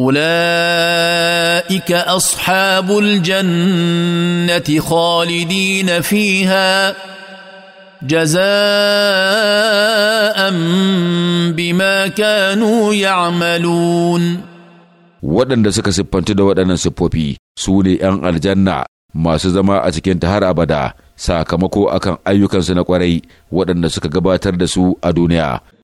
اولئك اصحاب الجنه خالدين فيها جزاء بما كانوا يعملون waɗanda suka siffanci da waɗannan siffofi su ne ‘yan aljanna masu zama a cikin har abada sakamako a kan ayyukansu na kwarai waɗanda suka gabatar da su a duniya